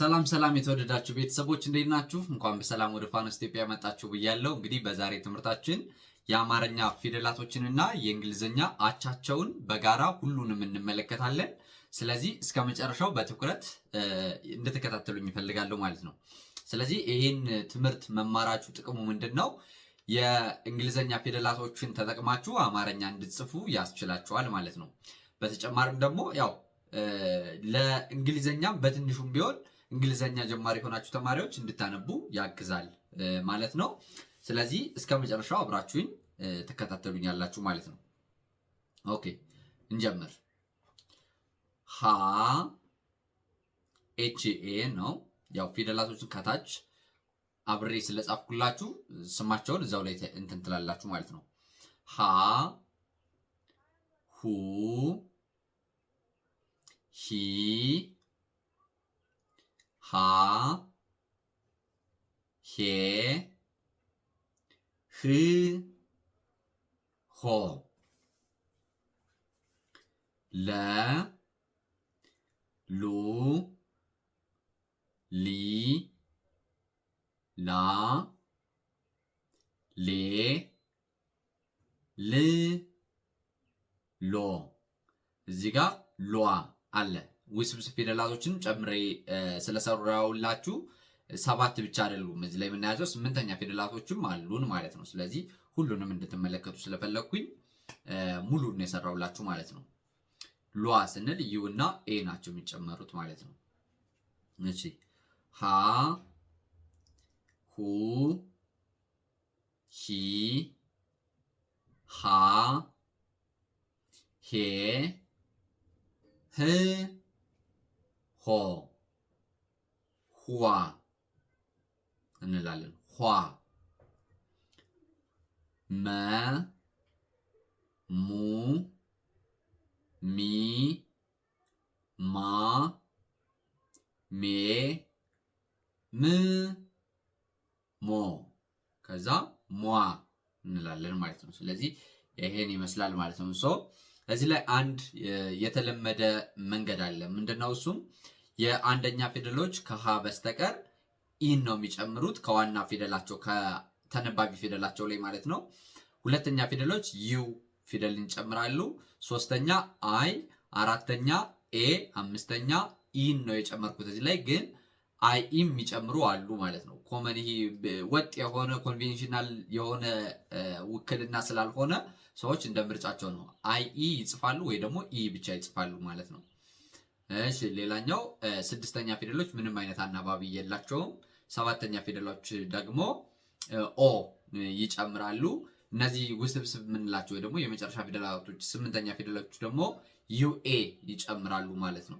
ሰላም ሰላም የተወደዳችሁ ቤተሰቦች እንዴት ናችሁ? እንኳን በሰላም ወደ ፋኖስ ኢትዮጵያ መጣችሁ ብያለሁ። እንግዲህ በዛሬ ትምህርታችን የአማርኛ ፊደላቶችንና የእንግሊዝኛ አቻቸውን በጋራ ሁሉንም እንመለከታለን። ስለዚህ እስከ መጨረሻው በትኩረት እንድትከታተሉኝ ይፈልጋለሁ ማለት ነው። ስለዚህ ይህን ትምህርት መማራችሁ ጥቅሙ ምንድን ነው? የእንግሊዝኛ ፊደላቶችን ተጠቅማችሁ አማርኛ እንድትጽፉ ያስችላችኋል ማለት ነው። በተጨማሪም ደግሞ ያው ለእንግሊዝኛም በትንሹም ቢሆን እንግሊዘኛ ጀማሪ የሆናችሁ ተማሪዎች እንድታነቡ ያግዛል ማለት ነው። ስለዚህ እስከ መጨረሻው አብራችሁኝ ተከታተሉኝ ያላችሁ ማለት ነው። ኦኬ እንጀምር። ሀ ኤች ኤ ነው። ያው ፊደላቶችን ከታች አብሬ ስለጻፍኩላችሁ ስማቸውን እዛው ላይ እንትን ትላላችሁ ማለት ነው። ሀ ሁ ሂ ሀ ሄ ህ ሆ ለ ሉ ሊ ላ ሌ ል ሎ እዚህ ጋር ሏ አለ። ውስብስብ ፊደላቶችንም ጨምሬ ስለሰራውላችሁ ሰባት ብቻ አይደሉም እዚህ ላይ የምናያቸው ስምንተኛ ፊደላቶችም አሉን ማለት ነው። ስለዚህ ሁሉንም እንድትመለከቱ ስለፈለግኩኝ ሙሉን የሰራውላችሁ ማለት ነው። ሉዋ ስንል ዩ እና ኤ ናቸው የሚጨመሩት ማለት ነው። እሺ ሀ ሁ ሂ ሃ ሄ ህ ሆ ሁዋ እንላለን። ዋ መ ሙ ሚ ማ ሜ ም ሞ ከዛ ሟ እንላለን ማለት ነው። ስለዚህ ይሄን ይመስላል ማለት ነው። ሶ እዚህ ላይ አንድ የተለመደ መንገድ አለ። ምንድነው እሱም የአንደኛ ፊደሎች ከሀ በስተቀር ኢን ነው የሚጨምሩት ከዋና ፊደላቸው ከተነባቢ ፊደላቸው ላይ ማለት ነው። ሁለተኛ ፊደሎች ዩ ፊደልን ይጨምራሉ። ሶስተኛ አይ፣ አራተኛ ኤ፣ አምስተኛ ኢን ነው የጨመርኩት እዚህ ላይ ግን አይ ኢን የሚጨምሩ አሉ ማለት ነው። ኮመን ይሄ ወጥ የሆነ ኮንቬንሽናል የሆነ ውክልና ስላልሆነ ሰዎች እንደ ምርጫቸው ነው። አይ ኢ ይጽፋሉ ወይ ደግሞ ኢ ብቻ ይጽፋሉ ማለት ነው። እሺ ሌላኛው ስድስተኛ ፊደሎች ምንም አይነት አናባቢ የላቸውም። ሰባተኛ ፊደሎች ደግሞ ኦ ይጨምራሉ። እነዚህ ውስብስብ የምንላቸው ወይ ደግሞ የመጨረሻ ፊደላቶች ስምንተኛ ፊደሎች ደግሞ ዩኤ ይጨምራሉ ማለት ነው።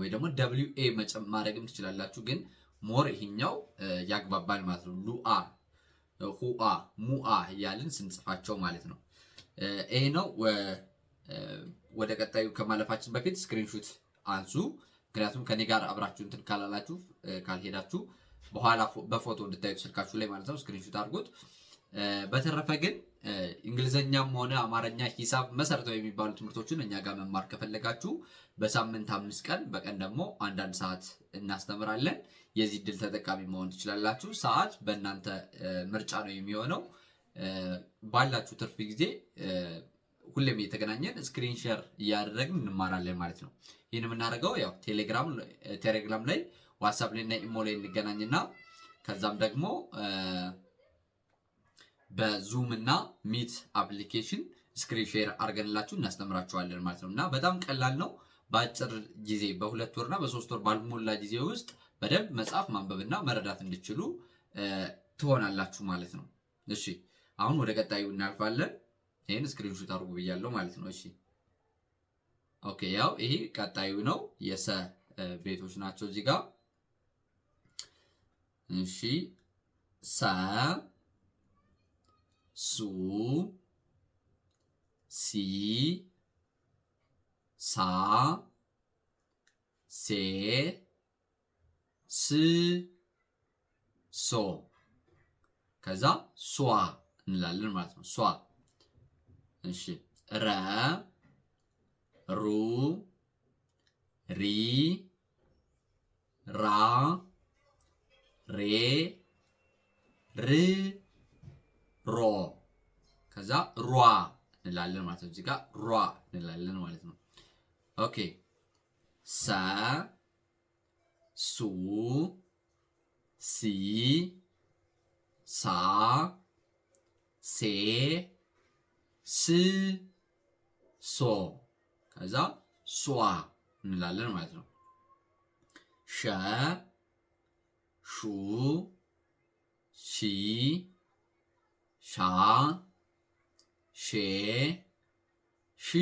ወይ ደግሞ ደብሊው ኤ ማድረግም ትችላላችሁ፣ ግን ሞር ይሄኛው ያግባባል ማለት ነው። ሉአ፣ ሁአ፣ ሙአ እያልን ስንጽፋቸው ማለት ነው። ይሄ ነው። ወደ ቀጣዩ ከማለፋችን በፊት ስክሪንሹት አንሱ። ምክንያቱም ከኔ ጋር አብራችሁ እንትን ካላላችሁ ካልሄዳችሁ በኋላ በፎቶ እንድታዩት ስልካችሁ ላይ ማለት ነው፣ ስክሪንሹት አድርጎት። በተረፈ ግን እንግሊዘኛም ሆነ አማርኛ፣ ሂሳብ መሰረታዊ የሚባሉ ትምህርቶችን እኛ ጋር መማር ከፈለጋችሁ በሳምንት አምስት ቀን በቀን ደግሞ አንዳንድ ሰዓት እናስተምራለን። የዚህ ድል ተጠቃሚ መሆን ትችላላችሁ። ሰዓት በእናንተ ምርጫ ነው የሚሆነው ባላችሁ ትርፍ ጊዜ ሁሌም እየተገናኘን ስክሪን ሼር እያደረግን እንማራለን ማለት ነው። ይህን የምናደርገው ያው ቴሌግራም ላይ ዋትሳፕ ላይ እና ኢሞ ላይ እንገናኝና ከዛም ደግሞ በዙም እና ሚት አፕሊኬሽን ስክሪን ሼር አድርገንላችሁ እናስተምራችኋለን ማለት ነው። እና በጣም ቀላል ነው። በአጭር ጊዜ በሁለት ወርና በሶስት ወር ባልሞላ ጊዜ ውስጥ በደንብ መጻፍ ማንበብና መረዳት እንድችሉ ትሆናላችሁ ማለት ነው። እሺ አሁን ወደ ቀጣዩ እናልፋለን። ይህን ስክሪንሹት አድርጉ ብያለሁ ማለት ነው። እሺ ኦኬ፣ ያው ይሄ ቀጣዩ ነው። የሰ ቤቶች ናቸው እዚህ ጋር እሺ። ሰ ሱ ሲ ሳ ሴ ስ ሶ ከዛ ሷ እንላለን ማለት ነው። ሷ እሺ ረ ሩ ሪ ራ ሬ ር ሮ ከዛ ሯ እንላለን ማለት ነው። እዚህ ሯ እንላለን ማለት ነው። ኦኬ ሰ ሱ ሲ ሳ ሴ ስ ሶ ከዛ ሷ እንላለን ማለት ነው። ሸ ሹ ሺ ሻ ሼ ሺ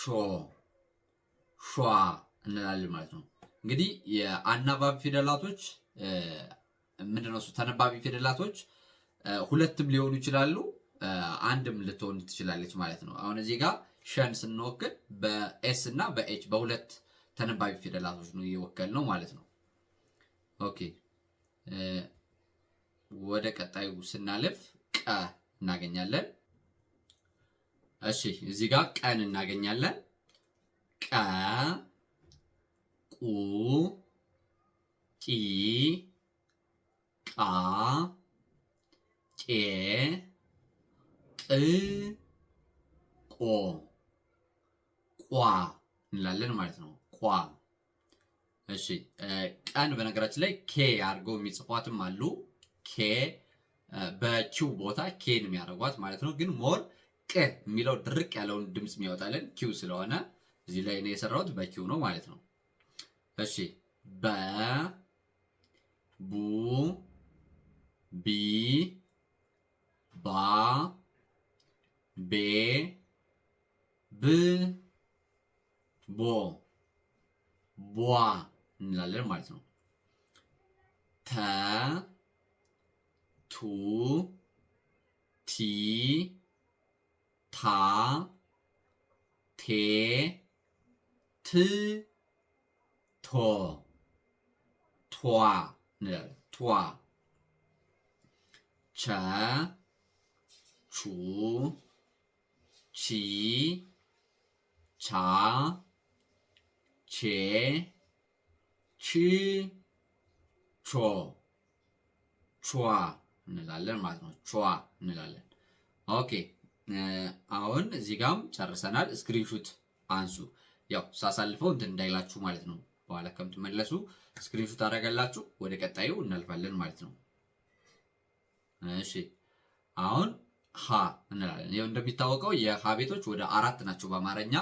ሾ ሿ እንላለን ማለት ነው። እንግዲህ የአናባቢ ፊደላቶች ምንድነው? ተነባቢ ፊደላቶች ሁለትም ሊሆኑ ይችላሉ። አንድም ልትሆን ትችላለች ማለት ነው። አሁን እዚህ ጋር ሸን ስንወክል በኤስ እና በኤች በሁለት ተነባቢ ፊደላቶች ነው እየወከል ነው ማለት ነው። ኦኬ ወደ ቀጣዩ ስናልፍ ቀ እናገኛለን። እሺ እዚህ ጋር ቀን እናገኛለን። ቀ ቁ ቂ ቃ ቄ ጥቆ ቋ እንላለን ማለት ነው። ቋ እሺ። ቀን በነገራችን ላይ ኬ አድርገው የሚጽፏትም አሉ። ኬ በኪው ቦታ ኬን የሚያደርጓት ማለት ነው። ግን ሞር ቅ የሚለው ድርቅ ያለውን ድምፅ የሚያወጣለን ኪው ስለሆነ እዚህ ላይ ነው የሰራሁት በኪው ነው ማለት ነው። እሺ በ ቡ ቢ ባ 배, 브, 보, 보아 እንላለን ማለት ነው። ተ ቱ ቲ ታ ቴ ት ቶ ቷ እንላለን ቷ ቸ ቹ ቺ እንላለን ማለት ነው። ቿ እንላለን። ኦኬ አሁን እዚህ ጋም ጨርሰናል። ስክሪንሹት አንሱ። ያው ሳሳልፈው እንትን እንዳይላችሁ ማለት ነው። በኋላ ከምትመለሱ ስክሪንሹት አደርጋላችሁ። ወደ ቀጣዩ እናልፋለን ማለት ነው። እሺ አሁን ሀ እንላለን። ይኸው እንደሚታወቀው የሀ ቤቶች ወደ አራት ናቸው በአማርኛ።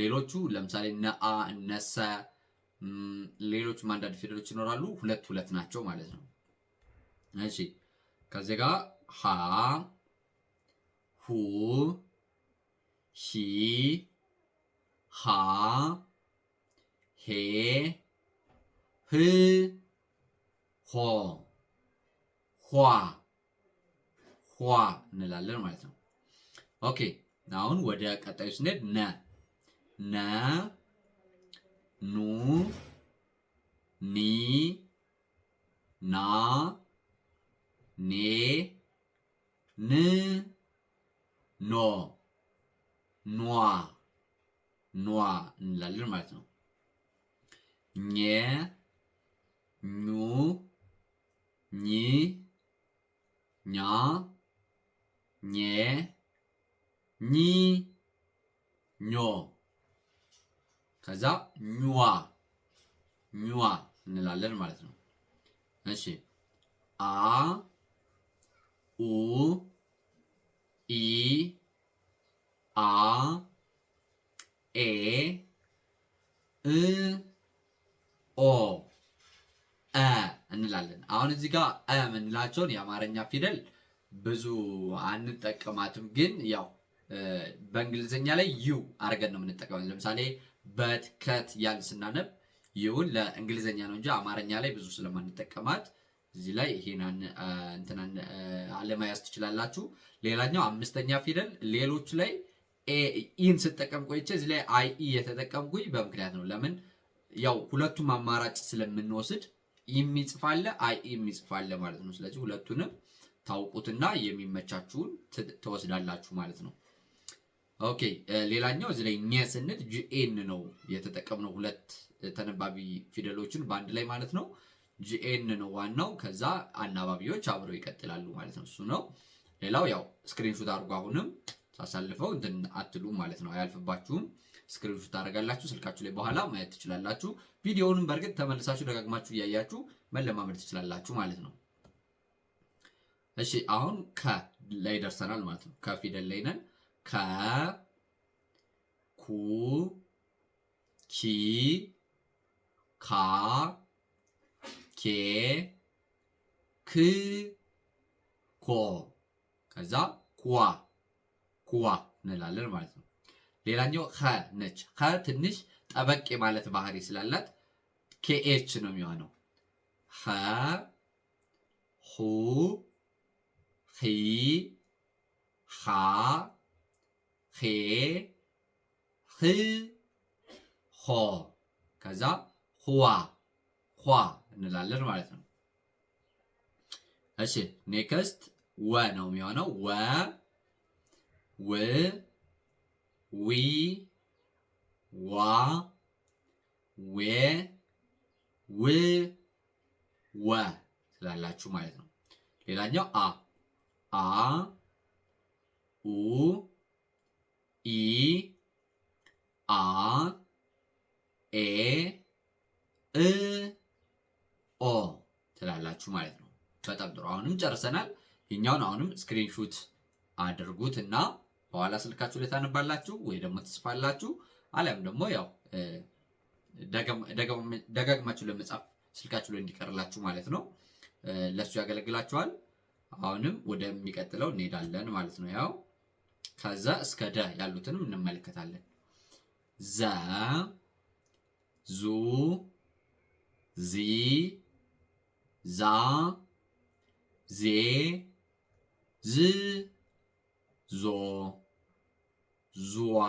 ሌሎቹ ለምሳሌ ነአ፣ ነሰ፣ ሌሎች አንዳንድ ፊደሎች ይኖራሉ። ሁለት ሁለት ናቸው ማለት ነው። እሺ ከዚህ ጋር ሀ፣ ሁ፣ ሂ፣ ሀ ሄ፣ ህ፣ ሆ፣ ኋ ኋ እንላለን ማለት ነው። ኦኬ አሁን ወደ ቀጣዩ ስንሄድ ነ ነ ኑ ኒ ና ኔ ን ኖ ኗ ኗ እንላለን ማለት ነው። ኘ ኙ ኚ ኛ ኘ ኚ ኞ ከዛ ኙዋ ኙዋ እንላለን ማለት ነው። እሺ አ ኡ ኢ አ ኤ እ ኦ እ እንላለን። አሁን እዚህ ጋር እ የምንላቸውን የአማርኛ ፊደል ብዙ አንጠቀማትም። ግን ያው በእንግሊዝኛ ላይ ዩ አድርገን ነው የምንጠቀማት። ለምሳሌ በት ከት ያል ስናነብ ይሁን ለእንግሊዝኛ ነው እንጂ አማርኛ ላይ ብዙ ስለማንጠቀማት እዚህ ላይ ይሄን እንትናን አለማያዝ ትችላላችሁ። ሌላኛው አምስተኛ ፊደል ሌሎች ላይ ኢን ስጠቀም ቆይቼ እዚህ ላይ አይ ኢ የተጠቀምኩኝ በምክንያት ነው። ለምን ያው ሁለቱም አማራጭ ስለምንወስድ የሚጽፋለ አይ ኢ የሚጽፋለ ማለት ነው። ስለዚህ ሁለቱንም ታውቁትና የሚመቻችሁን ትወስዳላችሁ ማለት ነው። ኦኬ ሌላኛው እዚህ ላይ ኘ ስንል ጂኤን ነው የተጠቀምነው። ሁለት ተነባቢ ፊደሎችን በአንድ ላይ ማለት ነው። ጂኤን ነው ዋናው። ከዛ አናባቢዎች አብረው ይቀጥላሉ ማለት ነው። እሱ ነው። ሌላው ያው ስክሪንሹት አድርጎ አሁንም ሳሳልፈው እንትን አትሉም ማለት ነው። አያልፍባችሁም። ስክሪንሹት ታደርጋላችሁ ስልካችሁ ላይ በኋላ ማየት ትችላላችሁ። ቪዲዮውንም በእርግጥ ተመልሳችሁ ደጋግማችሁ እያያችሁ መለማመድ ትችላላችሁ ማለት ነው። እሺ አሁን ከ ላይ ደርሰናል ማለት ነው። ከፊደል ላይ ነን። ከ ኩ ኪ ካ ኬ ክ ኮ ከዛ ኩዋ ኩዋ እንላለን ማለት ነው። ሌላኛው ኸ ነች። ኸ ትንሽ ጠበቅ ማለት ባህሪ ስላላት ኬኤች ነው የሚሆነው ኸ ሁ ኺ ኻ ኼ ኽ ኾ ከዛ ሁዋ ኳ እንላለን ማለት ነው። እሺ ኔክስት ወ ነው የሚሆነው ወ ው ዊ ዋ ዌ ው ወ ስላላችሁ ማለት ነው። ሌላኛው አ አ ኡ ኢ አ ኤ እ ኦ ትላላችሁ ማለት ነው። በጣም ጥሩ። አሁንም ጨርሰናል። ይኛውን አሁንም ስክሪንሹት አድርጉት እና በኋላ ስልካችሁ ላይ ታነባላችሁ ወይ ደግሞ ትጽፋላችሁ። አሊያም ደግሞ ያው ደጋግማችሁ ለመጻፍ ስልካችሁ ላይ እንዲቀርላችሁ ማለት ነው። ለእሱ ያገለግላችኋል። አሁንም ወደሚቀጥለው እንሄዳለን ማለት ነው። ያው ከዛ እስከ ደ ያሉትንም እንመለከታለን። ዘ ዙ ዚ ዛ ዜ ዝ ዞ ዙዋ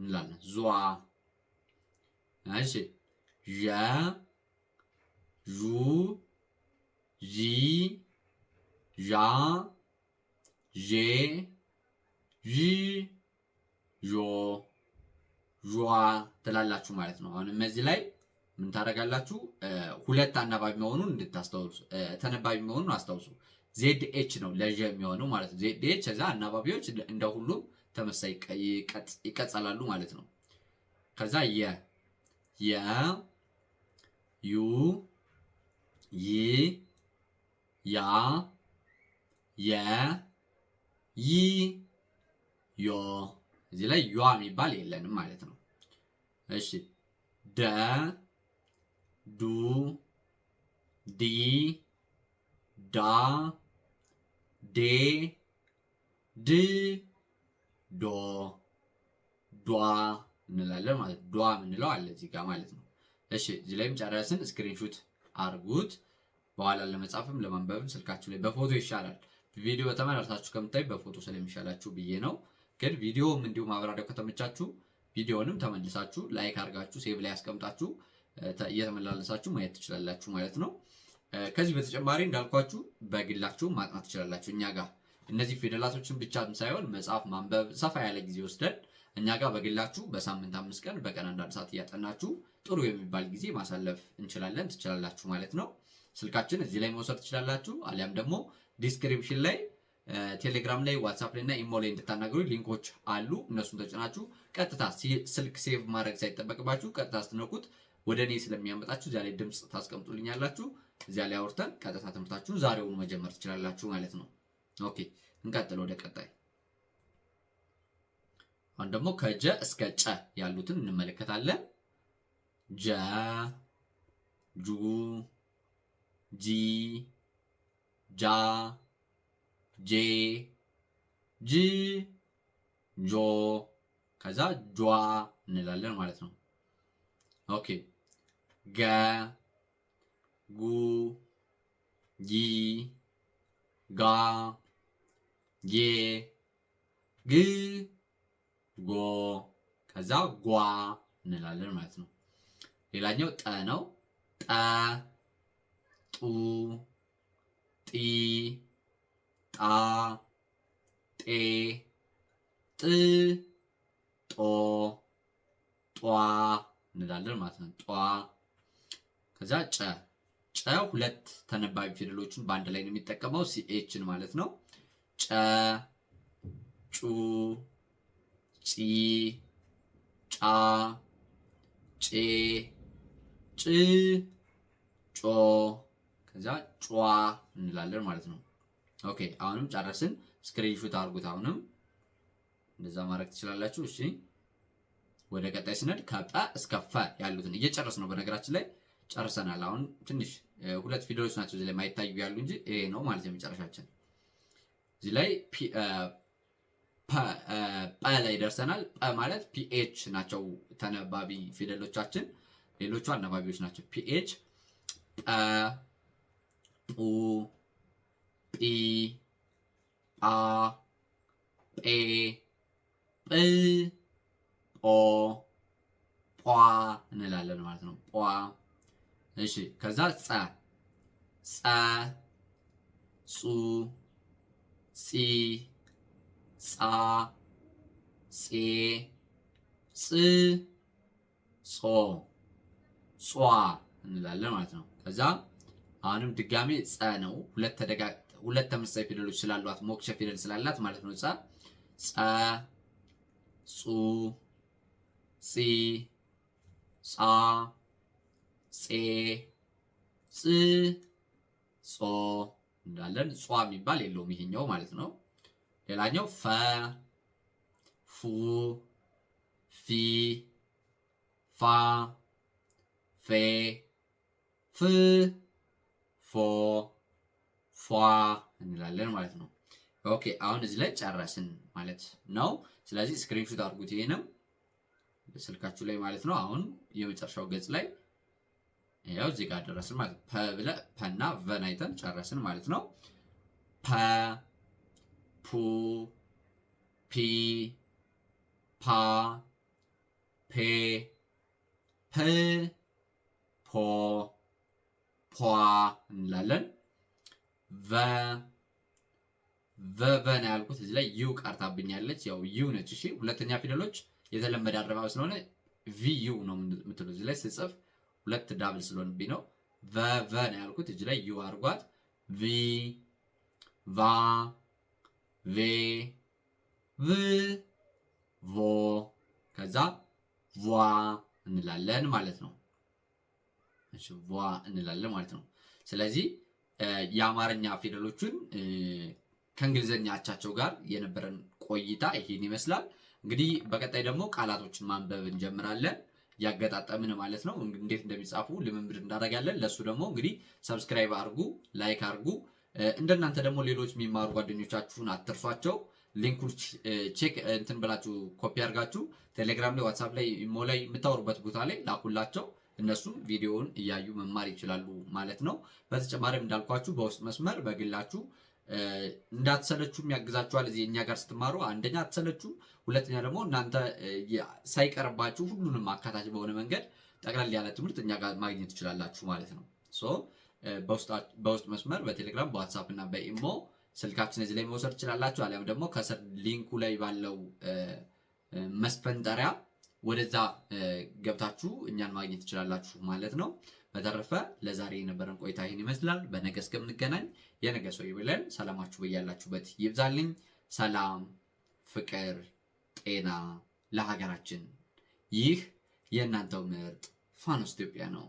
እንላለን። ዙዋ እሺ። ዠ ዡ ዢ ዣ ዤ ዢ ዦ ዥዋ ትላላችሁ ማለት ነው። አሁን እነዚህ ላይ ምን ታደርጋላችሁ? ሁለት አናባቢ መሆኑን እንድታስታውሱ ተነባቢ መሆኑን አስታውሱ። ዜድ ኤች ነው ለዠ የሚሆነው ማለት ነው። ዜድ ኤች ከዛ አናባቢዎች እንደ ሁሉም ተመሳይ ይቀጸላሉ ማለት ነው። ከዛ የ የ ዩ ይ ያ የ ይ ዮ እዚህ ላይ ዩ የሚባል የለንም ማለት ነው። እሺ ደ ዱ ዲ ዳ ዴ ድ ዶ ዷ እንላለን ማለት ዷ የምንለው አለ እዚህ ጋር ማለት ነው። እሺ እዚህ ላይም ጨረስን። ስክሪንሹት አርጉት። በኋላ ለመጻፍም ለማንበብም ስልካችሁ ላይ በፎቶ ይሻላል። ቪዲዮ በተመለከታችሁ ከምታይ በፎቶ ስለሚሻላችሁ ብዬ ነው። ግን ቪዲዮም እንዲሁ ማብራሪያው ከተመቻችሁ ቪዲዮንም ተመልሳችሁ ላይክ አድርጋችሁ ሴቭ ላይ ያስቀምጣችሁ እየተመላለሳችሁ ማየት ትችላላችሁ ማለት ነው። ከዚህ በተጨማሪ እንዳልኳችሁ በግላችሁ ማጥናት ትችላላችሁ። እኛ ጋር እነዚህ ፊደላቶችን ብቻ ሳይሆን መጽሐፍ ማንበብ ሰፋ ያለ ጊዜ ወስደን እኛ ጋር በግላችሁ በሳምንት አምስት ቀን በቀን አንዳንድ ሰዓት እያጠናችሁ ጥሩ የሚባል ጊዜ ማሳለፍ እንችላለን ትችላላችሁ ማለት ነው። ስልካችን እዚህ ላይ መውሰድ ትችላላችሁ አሊያም ደግሞ ዲስክሪፕሽን ላይ ቴሌግራም ላይ ዋትሳፕ ላይ እና ኢሞ ላይ እንድታናገሩ ሊንኮች አሉ። እነሱን ተጭናችሁ ቀጥታ ስልክ ሴቭ ማድረግ ሳይጠበቅባችሁ ቀጥታ ስትነቁት ወደ እኔ ስለሚያመጣችሁ እዚያ ላይ ድምፅ ታስቀምጡልኛላችሁ። እዚያ ላይ አውርተን ቀጥታ ትምህርታችሁን ዛሬውን መጀመር ትችላላችሁ ማለት ነው። ኦኬ እንቀጥል ወደ ቀጣይ። አሁን ደግሞ ከጀ እስከ ጨ ያሉትን እንመለከታለን። ጀ ጁ ጂ ጃ ጄ ጅ ጆ ከዛ ጇ እንላለን ማለት ነው። ኦኬ ገ ጉ ጊ ጋ ጌ ግ ጎ ከዛ ጓ እንላለን ማለት ነው። ሌላኛው ጠ ነው። ጠ ጡ ጢ ጣ ጤ ጥ ጦ ጧ እንላለን ማለት ነው። ጧ ከዛ ጨ ጨ ሁለት ተነባቢ ፊደሎችን በአንድ ላይ ነው የሚጠቀመው ሲኤችን ማለት ነው። ጨ ጩ ጪ ጫ ጬ ጭ ጮ ከዛ ጨዋ እንላለን ማለት ነው። ኦኬ አሁንም ጨረስን። ስክሪንሹት አድርጉት። አሁንም እንደዛ ማድረግ ትችላላችሁ። እሺ ወደ ቀጣይ ስነድ ከጠ እስከ ፈ ያሉትን እየጨረስ ነው። በነገራችን ላይ ጨርሰናል። አሁን ትንሽ ሁለት ፊደሎች ናቸው እዚህ ላይ ማይታዩ ያሉ እንጂ ይሄ ነው ማለት የመጨረሻችን። እዚህ ላይ ጰ ላይ ደርሰናል። ጰ ማለት ፒኤች ናቸው ተነባቢ ፊደሎቻችን። ሌሎቹ አነባቢዎች ናቸው። ፒኤች ጱ ጲ ጳ ጴ ጵ ጶ ጳ እንላለን ማለት ነው። ጳ እሺ። ከዛ ጸ ጸ ጹ ጺ ጻ ጼ ፅ ጾ ጿ እንላለን ማለት ነው። ከዛ አሁንም ድጋሜ ፀ ነው። ሁለት ተመሳሳይ ፊደሎች ስላሏት ሞክሸ ፊደል ስላላት ማለት ነው። ፀ ፀ ጹ ጺ ጻ ጼ ጽ ጾ እንዳለን ጿ የሚባል የለውም ይሄኛው ማለት ነው። ሌላኛው ፈ ፉ ፊ ፋ ፌ ፍ ፏ እንላለን ማለት ነው። ኦኬ አሁን እዚህ ላይ ጨረስን ማለት ነው። ስለዚህ ስክሪንሹት አድርጉት ይሄንም ስልካችሁ ላይ ማለት ነው። አሁን የመጨረሻው ገጽ ላይ ያው እዚህ ጋር ደረስን ማለት ፐ ብለ ፐና ቨን አይተን ጨረስን ማለት ነው። ፐ ፑ ፒ ፓ ፔ ፕ ፖ ፖ እንላለን። ቨ ቨ ነው ያልኩት እዚህ ላይ ዩ ቀርታብኛለች። ያው ዩ ነች። እሺ ሁለተኛ ፊደሎች የተለመደ አረባብ ስለሆነ ቪዩ ነው የምትሉ እዚህ ላይ ስጽፍ ሁለት ዳብል ስለሆነብኝ ነው። ቨ ቨ ነው ያልኩት እዚህ ላይ ዩ አድርጓት። ቪ ቫ ቬ ቭ ቮ ከዛ ቫ እንላለን ማለት ነው። ቧ እንላለን ማለት ነው። ስለዚህ የአማርኛ ፊደሎቹን ከእንግሊዝኛ አቻቸው ጋር የነበረን ቆይታ ይህን ይመስላል። እንግዲህ በቀጣይ ደግሞ ቃላቶችን ማንበብ እንጀምራለን ያገጣጠምን ማለት ነው። እንዴት እንደሚጻፉ ልምምድ እንዳደርጋለን። ለእሱ ደግሞ እንግዲህ ሰብስክራይብ አድርጉ፣ ላይክ አርጉ እንደናንተ ደግሞ ሌሎች የሚማሩ ጓደኞቻችሁን አትርሷቸው። ሊንኩን ቼክ እንትን ብላችሁ ኮፒ አርጋችሁ ቴሌግራም ላይ፣ ዋትሳፕ ላይ፣ ኢሞ ላይ የምታወሩበት ቦታ ላይ ላኩላቸው። እነሱ ቪዲዮውን እያዩ መማር ይችላሉ ማለት ነው። በተጨማሪም እንዳልኳችሁ በውስጥ መስመር በግላችሁ እንዳትሰለቹም ያግዛችኋል። እዚህ እኛ ጋር ስትማሩ አንደኛ አትሰለቹም፣ ሁለተኛ ደግሞ እናንተ ሳይቀርባችሁ ሁሉንም አካታች በሆነ መንገድ ጠቅላላ ያለ ትምህርት እኛ ጋር ማግኘት ትችላላችሁ ማለት ነው። በውስጥ መስመር በቴሌግራም በዋትሳፕ እና በኢሞ ስልካችን እዚህ ላይ መውሰድ ትችላላችሁ። አሊያም ደግሞ ከስር ሊንኩ ላይ ባለው መስፈንጠሪያ ወደዛ ገብታችሁ እኛን ማግኘት ትችላላችሁ ማለት ነው። በተረፈ ለዛሬ የነበረን ቆይታ ይህን ይመስላል። በነገ እስከምንገናኝ የነገ ሰው ይበለን። ሰላማችሁ በያላችሁበት ይብዛልኝ። ሰላም፣ ፍቅር፣ ጤና ለሀገራችን። ይህ የእናንተው ምርጥ ፋኖስ ኢትዮጵያ ነው።